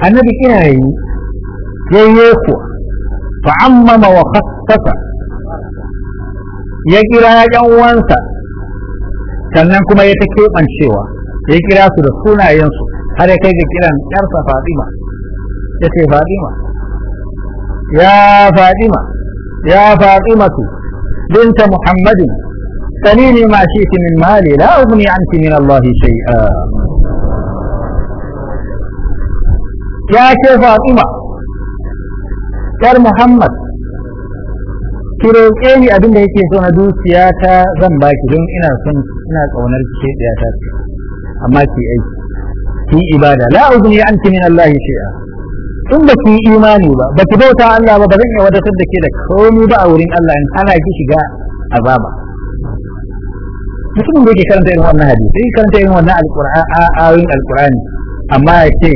annabi kina yi yayye ku fa ammama wa khassasa ya kira yan uwansa sannan kuma ya ta keɓancewa ya kira su da sunayensu har ya kai ga kiran yarsa Fadima ya ce Fadima ya Fadima ya Fadimatu binta Muhammadin سليني ما شئت من مالي لا أغني عنك من الله شيئا يا شيخ فاطمة يا محمد ki roƙe ni abin da yake so na dukiya ta zan baki don ina son ina kaunar ke ɗaya ta amma ki aiki ki ibada la uzni anki min Allah shay'a in ba ki imani ba ba ki bauta Allah ba ba zan iya wadatar da ke da komai ba a wurin Allah in ana ki shiga azaba mutumin da yake karanta irin wannan hadisi sai karanta irin wannan alqur'ani alqur'ani amma ya ce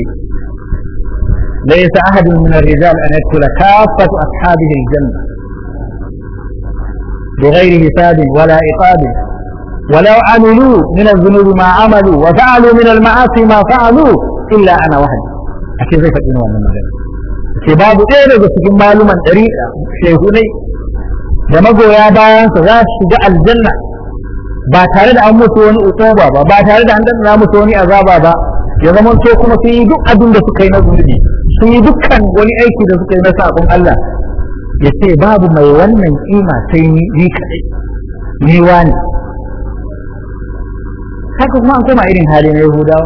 laysa ahadun min ar-rijal an yadkhula kaffatu ashabihi al-jannah بغير حساب ولا عقاب ولو عملوا من الذنوب ما عملوا وفعلوا من المعاصي ما فعلوا إلا أنا وحدي أكيد زي فاكرين وانا مجال sai babu ɗaya daga cikin maluman ɗari shehunai da magoya bayansa za su shiga aljanna ba tare da an musu wani uquba ba ba tare da an danna musu wani azaba ba ya zama to kuma sun yi duk abin da suka yi na zunubi sun yi dukkan wani aiki da suka yi na sakon Allah ya ce babu mai wannan kima sai ni kaɗai ni wani haka kuma an koma irin hali na yahudawa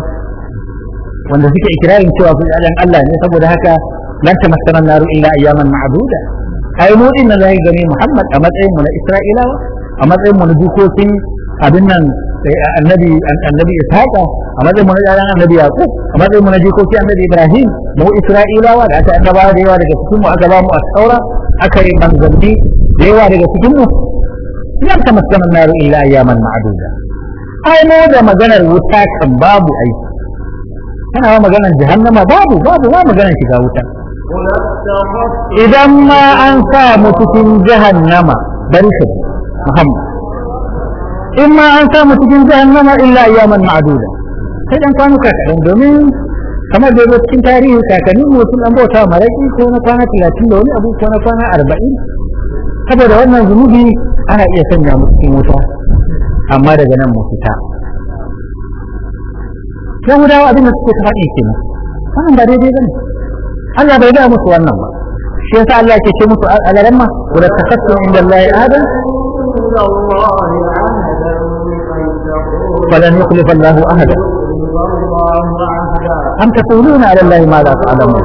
wanda suke ikirarin cewa su ɗan Allah ne saboda haka lan ta masanan naru illa ayyaman ma'duda ai mu din nan gani Muhammad a matsayin mu na Isra'ilawa a matsayin mu na dukokin abin nan eh, annabi annabi ishaqa a matsayin mu mun yaran annabi yaqub a matsayin mu na jikoki annabi ibrahim mu isra'ilawa da aka annabawa da yawa daga cikin mu aka ba mu asaura aka yi manzanni da yawa daga cikin mu ta tamassana na nar illa ayyaman ma'duda ai mu da maganar wuta kan babu aiki kana ma maganar jahannama babu babu ma maganar shiga wuta idan ma an sa mu cikin jahannama bari shi muhammad in ma an samu cikin jahannama illa ayyaman ma'duda sai dan kwanuka kaɗan domin kamar da yabo cikin tarihi kakannin mu sun an bauta maraki ko na kwana talatin da wani abu ko na kwana arba'in saboda wannan zunubi ana iya sanya mu cikin wuta amma daga nan mu fita yahudawa abin da suke ta faɗi kenan wannan ba daidai bane Allah bai da musu wannan ba shi yasa Allah ke ce musu alalamma wa la takassu inda Allah adam ولن يخلف الله أهدا أم تقولون على الله ما لا تعلمون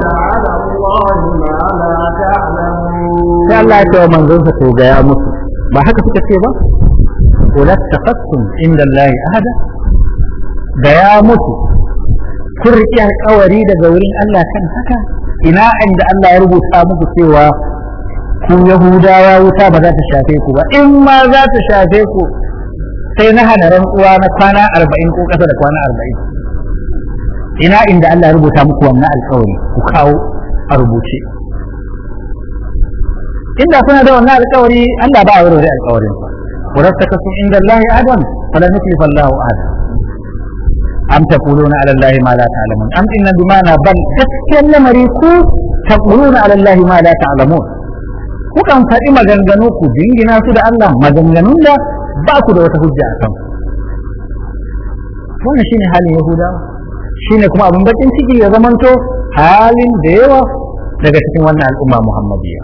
sai ya ce wa manzonsa to gaya musu ba haka suka ce ba wala taqassum inda Allah ahada gaya musu kun riƙe alƙawari daga wurin Allah kan haka ina inda Allah ya rubuta muku cewa ku Yahudawa wuta ba za ta shafe ku ba in ma za ta shafe ku sai na hana rantsuwa na kwana arba'in ko ƙasa da kwana arba'in ina inda Allah ya rubuta muku wannan alƙawari ku kawo a rubuce inda kuna da wannan alƙawari Allah ba a wuri alƙawarin ورثك عند الله عدم فلا يخلف الله عدم أم تقولون على الله ما لا تعلمون أم إن بمعنى بل تتكلم ريكو تقولون على ma ما لا تعلمون kukan faɗi maganganu ku bingina su da Allah maganganun da ba ku da wata hujja a kan wannan shine halin yahudawa shine kuma abin bakin ciki ya zamanto halin da yawa daga cikin wannan al'umma muhammadiyya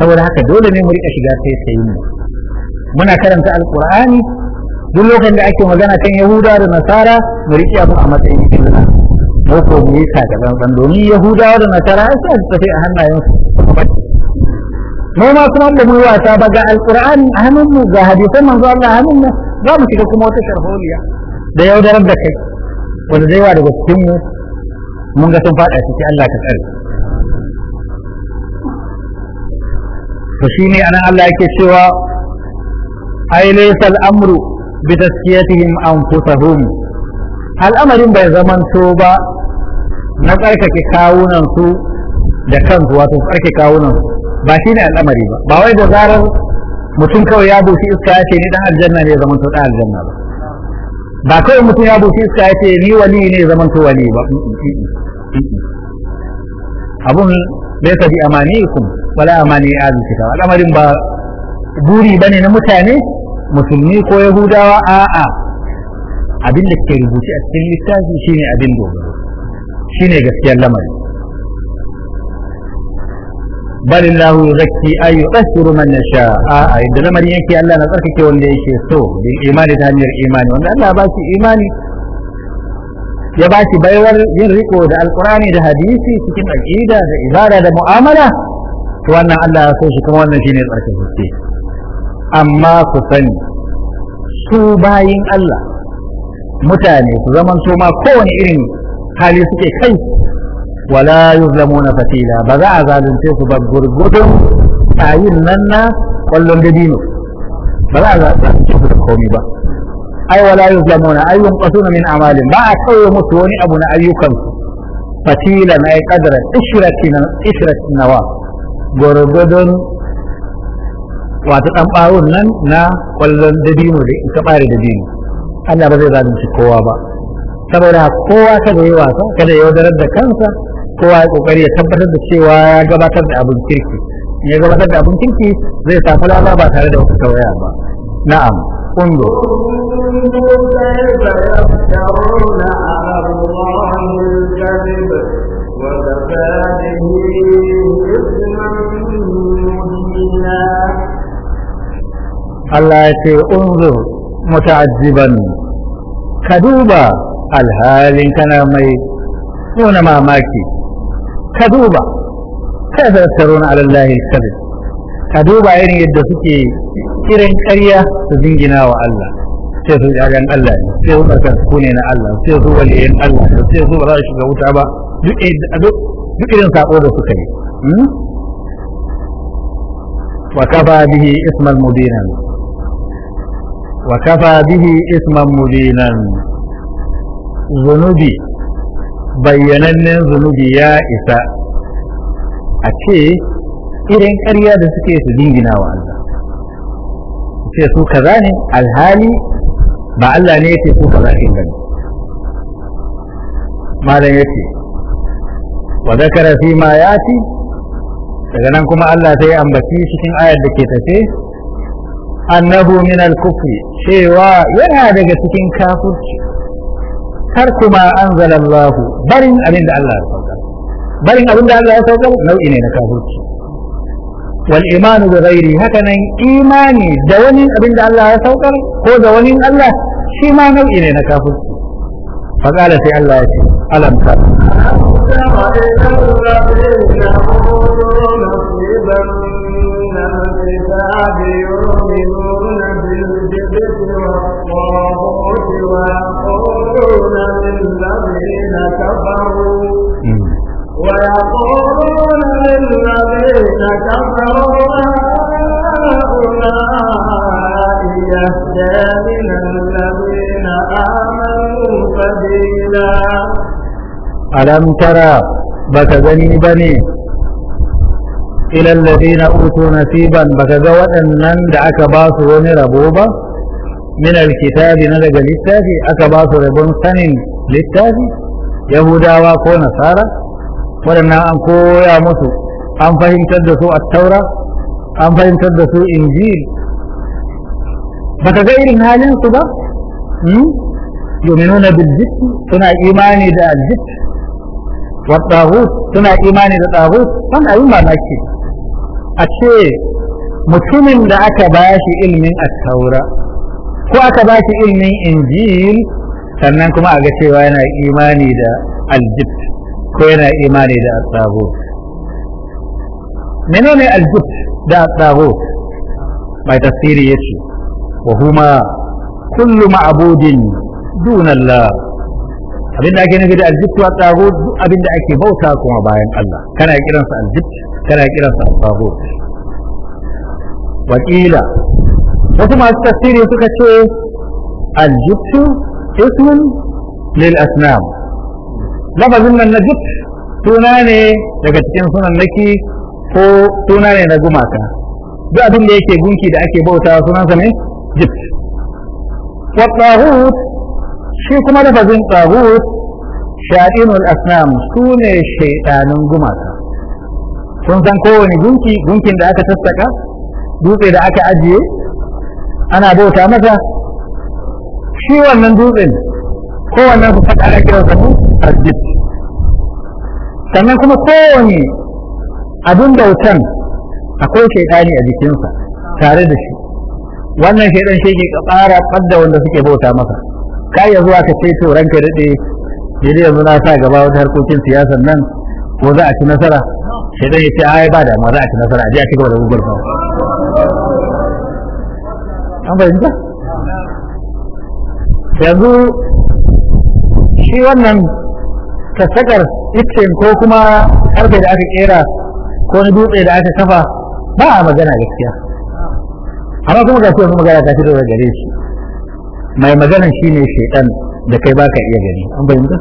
saboda haka dole ne mu rika shiga sai sai mu muna karanta alqur'ani duk lokacin da ake magana kan yahuda da nasara mu rike abu a matsayin sunna mu ko mu yi taka domin yahudawa da nasara sai su tafi a hannayen su mu ma kuma da mu wata ba ga alqur'ani a hannunmu ga hadisan manzo Allah a hannunmu za mu shiga kuma wata sharholiya da yaudarar da kai wanda zai wa daga cikin mu mun ga sun fada ciki Allah ka tsare to shine anan Allah yake cewa ai laysa al-amru bi taskiyatihim anfusahum al'amarin bai zamanto ba na tsarkake kawunan su da kansu wato tsarkake kawunan su ba shi ne al'amari ba ba wai da zarar mutum kawai ya bushi iska ya ce ni dan aljanna ne zaman to dan aljanna ba ba kawai mutum ya bushi iska ya ce ni wali ne zaman to wali ba abun laysa bi amanikum wala amani zuci kitab al'amarin ba buri bane na mutane musulmi ko yahudawa a'a abin da ke rubuce a cikin littafi shine abin dogaro shine gaskiyar lamarin. bal Allah yuzakki ay yuqsiru man yasha a lamarin yake Allah na tsarkake wanda yake so bil imani ta hanyar imani wanda Allah ba shi imani ya ba shi baiwar yin riko da alqurani da hadisi cikin aqida da ibada da mu'amala to wannan Allah ya so shi kuma wannan shine tsarkake amma ku sani su bayin Allah mutane su su ma kowane irin hali suke kai ولا يظلمون فتيلا بزع زال انتيس بقر قدم تعيين لنا قلن بدينه بزع زال انتيس بقومي با اي ولا يظلمون اي ينقصون من اعمالهم بعد قوي مسوني ابونا ايوكا فتيلا اي قدر اشرت اشرت النواة قر قدم واتقام قاون لن نا قلن بدينه دي انتقاري بدينه انا بزع زال انتيس قوابا saboda kowa kada yi wasa kada yaudarar da kansa kowa ya kokari ya tabbatar da cewa ya gabatar da abin kirki ya gabatar da abin kirki zai samu lada ba tare da wata tauraya ba na'am ungo Allah ya ce unzu muta'ajjiban ka duba alhalin kana mai nuna mamaki كذوبا كيف يفترون على الله الكذب كذوبا يعني يد سكي كيرين كريا تزنجنا وعلا sai su jagan Allah ne sai su karkar kune na Allah sai su waliyin Allah sai su ba za su shiga wuta ba duk irin sako da suka yi hmm? bihi isman bihi isman zunubi bayyanannen zunubi ya isa a ce irin ƙarya da suke su jingina wa Allah ce su kaza ne alhali ba Allah ne yake su kaza ɗin bane malam yace wa zakara fi ma yati daga nan kuma Allah sai ambaci cikin ayar da ke tafe annahu min al-kufri cewa yana daga cikin kafirci ترك ما انزل الله برين ابن الله برين ابن الله يسوع نو اني نكافوت والايمان بغيره هكذا ايماني دوني ابن الله يسوع هو دوني الله شي ما نو اني نكافوت فقال في الله الم تر نصيبا من الكتاب يؤمنون ألم ترى بكذني بني إلى الذين أوتوا نصيبا بكذا أنن دعك باس ونربوبا من الكتاب ندق للتافي أكباس ربون سن للتافي يهودا وكون نصارى ولنا نعم أنكو يا مسو an fahimtar da su a taura an fahimtar da su injil ba ka ga irin halinsu ba hmm? yuminuna biljit suna imani da aljit wa tsahut suna imani da tsahut wani abin mamaki a ce mutumin da aka ba shi ilmin attaura ko aka ba shi ilmin injil sannan kuma a ga cewa yana imani da aljit ko yana imani da tsahut menene aljub da tsaho mai tafsiri ya ce wa huma kullu ma'abudin dun Allah abinda ake nufi da aljib wa tsaho abinda ake bauta kuma bayan Allah kana kiransa aljib kana kiransa tsaho wakila wasu masu tafsiri suka ce aljibtu ismun lil asnam lafazin nan na jib suna ne daga cikin sunan naki ko suna ne na gumaka duk abin da yake gunki da ake bautawa sunansa ne jib wa tahut shi kuma bazin tahut sha'inul asnam su ne gumaka sun san kowane gunki gunkin da aka tattaka dutse da aka ajiye ana bauta masa shi wannan dutsen kowannen ku fada ake kiransa mu sannan kuma kowane abin bautan akwai shaidani a jikinsa tare da shi wannan shaidan shi ke ƙara kadda wanda suke bauta masa ka zuwa ka ce to ranka daɗe daidai yanzu na sa gaba wata harkokin siyasar nan ko za a ci nasara shaidan ya ce ai ba damuwa za a ci nasara a ji a ci gaba da gugur an fahimta yanzu shi wannan kasakar iccen ko kuma karfe da aka kera ko wani dutse da aka kafa ba a magana gaskiya amma kuma ga shi magana ta fito daga gare shi mai shi shine shaitan da kai baka iya gani an bayyana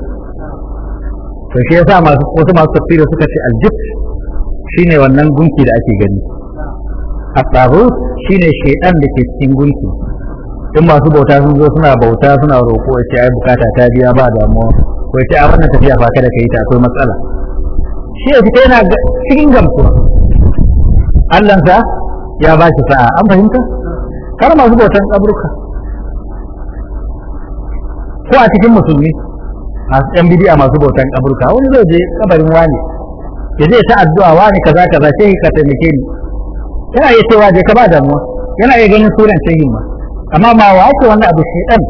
to shi yasa masu wasu masu tafiya suka ce shi ne wannan gunki da ake gani at shi ne shaitan da ke cikin gunki in masu bauta sun zo suna bauta suna roƙo ya ce ai bukata ta biya ba damuwa ko ya ce a wannan tafiya ba kada ka yi ta akwai matsala shi ya fita yana cikin gamsuwa allansa ya ba shi sa'a an fahimta kar masu bautan tsabruka ko a cikin musulmi masu yan bidiya masu bautan tsabruka wani zai je kabarin wani ya zai ta addu'a wani kaza kaza sai ka taimake ni yana iya cewa je ka ba damuwa yana iya ganin sunan sai ma amma ma wa ko wani abu shaytan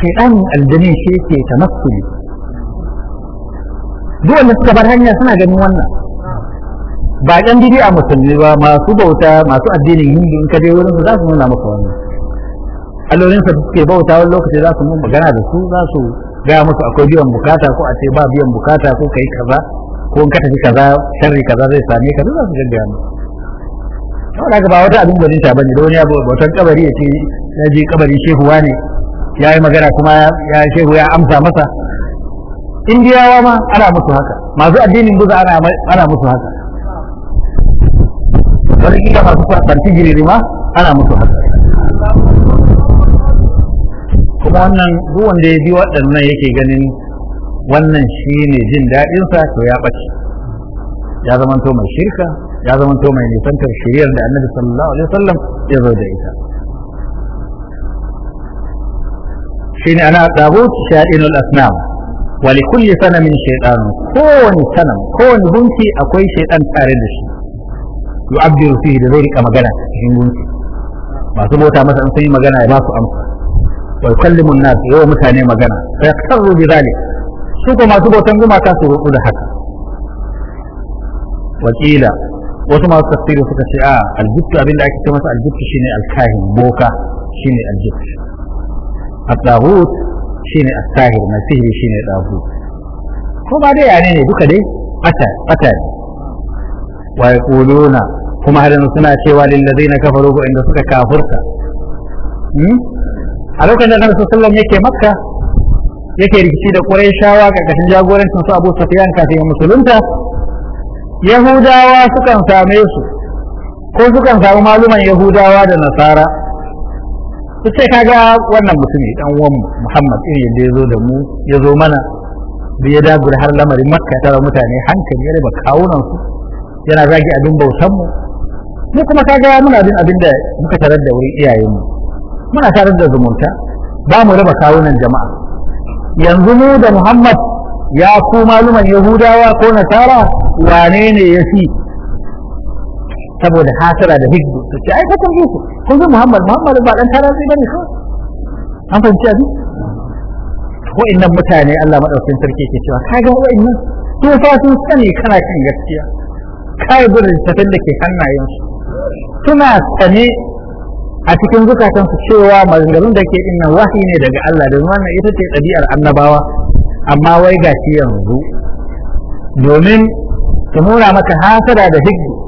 shaytan aljani shi ke tamassuli duk wanda suka bar hanya suna ganin wannan ba yan a musulmi ba masu bauta masu addinin hindu in ka je wurin su za su nuna maka wannan allolin sa suke bauta wani lokaci za su mun magana da su za su gaya musu akwai biyan bukata ko a ce ba biyan bukata ko kai kaza ko in ka tafi kaza sharri kaza zai same ka za su gaggaya musu saboda ga ba wata abin gwanin ta ne da wani abu wata kabari ya ce ya je kabari shehu ne ya yi magana kuma ya shehu ya amsa masa indiyawa ma ana musu haka masu addinin buza ana musu haka wani kila masu ɓarci giriri ma ana musu haka kuma wannan duk wanda ya bi waɗannan yake ganin wannan shi ne jin daɗinsa to ya ɓace ya to mai shirka ya to mai nisantar shiriyar da annabi sallallahu alaihi wasallam ya zo da ita shine ana dabut sha'inul asnam wali kulli sana min shaytan kowani sanan kowani gunki akwai shaytan tare da shi yu'abbiru fihi da zai rika magana cikin gunki masu bauta masa magana ya ba su amsa wa yukallimu an-nas yawa mutane magana fa yaqtaru bi zalik su ko masu bautan gumaka su rubu da haka wakila wasu masu tafsiri suka ce a abinda ake ce masa shine alkahin boka shine aljibtu shine ne sahir mai sihiri shine dafu ko ba dai yare ne duka dai ata ata wa yaquluna kuma har yanzu suna cewa lil ladina kafaru ko inda suka kafurta hmm? a lokacin da Annabi sallallahu alaihi yake Makka yake rikici da Qurayshawa ga kashin jagorancin su Abu Sufyan kafin musulunta Yahudawa sukan same su ko sukan samu maluman Yahudawa da Nasara su ce kaga wannan mutumi dan uwan Muhammad irin yadda ya zo da mu ya zo mana da ya dagura har lamarin Makka tara mutane hankali ya raba kawunan su yana zagi abin bautan mu mu kuma kaga muna bin abin da muka tarar da wurin iyayen mu muna tarar da zumunta ba mu raba kawunan jama'a yanzu mu da Muhammad ya ku maluman Yahudawa ko Nasara wane ne ya fi saboda hasara da hizbu su ce ai kakan su kun ga Muhammad Muhammad ba dan tara zai bane kawai an fahimci abin wa'annan mutane Allah madaukakin sarki ke cewa kaga wa'annan su fa sun sani kana kan gaskiya kai gurin tafin da ke hannayen su suna sane a cikin zukatan su cewa maganganun da ke innan wahi ne daga Allah domin wannan ita ce ɗabi'ar annabawa amma wai gashi yanzu domin su nuna maka hasara da hizbu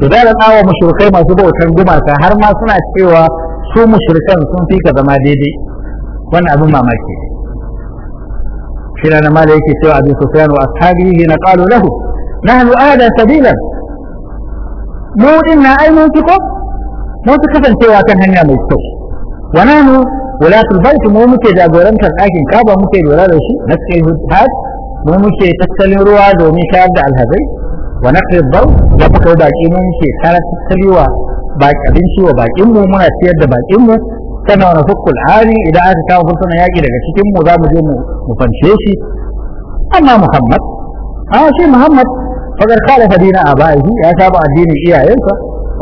su da tsawa mushrikai masu bautan gumaka har ma suna cewa su mushrikan sun fi ka zama daidai wannan abin mamaki shi na mala yake cewa abin sufyan wa ashabihi na qalu lahu nahnu ada sabila mu din na ai mun fiko mun fi kasancewa kan hanya mai kyau wa nahnu wulatul bait mu muke jagorantar ɗakin kaba muke lura da shi na cikin hajj mu muke tattalin ruwa domin shayar da alhazai wa naqri dhar da muka yi baki mun shekara tattalewa ba abinci wa bakin mu muna ciyar da bakin mu sannan wa fukkul ani idan aka kawo furtuna yaki daga cikin mu za mu je mu fanshe shi amma muhammad a shi muhammad fagar khalafa dina abaihi ya saba addinin iyayensa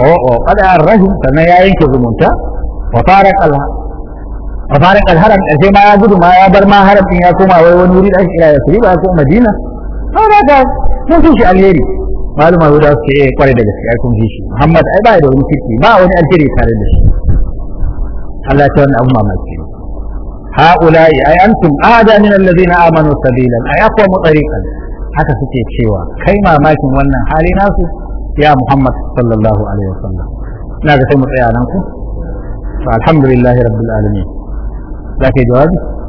wa qad arrahum sannan ya yanke zumunta wa faraka wa faraka alharam sai ma ya gudu ma ya bar ma haram ya koma wai wani wuri da ake kira ya ba ko madina sau da ka sun fi shi alheri maluma guda su ce eh, kwarai da gaske ai kun fi shi muhammad ai ba da wani kirki ba wani alheri tare da shi Allah ta wani abu mamaki هؤلاء أي أنتم أعدى من الذين آمنوا سبيلا أي أقوى طريقا haka suke cewa kai mamakin wannan hali nasu ya Muhammad sallallahu alaihi wasallam ina ga mu tsaya nan ku alhamdulillahi rabbil alamin zaka